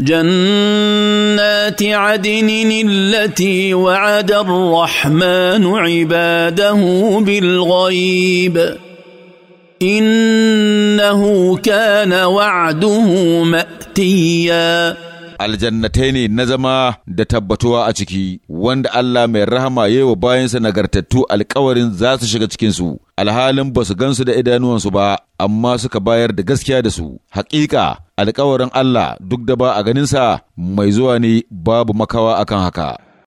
جنات عدن التي وعد الرحمن عباده بالغيب انه كان وعده ماتيا aljannatai ne na zama da tabbatuwa a ciki wanda Allah mai rahama yi wa bayansa nagartattu alkawarin za su shiga cikinsu alhalin ba su gansu da idanuwansu ba amma suka bayar da gaskiya da su haƙiƙa alƙawarin Allah duk da ba a ganinsa mai zuwa ne babu makawa akan haka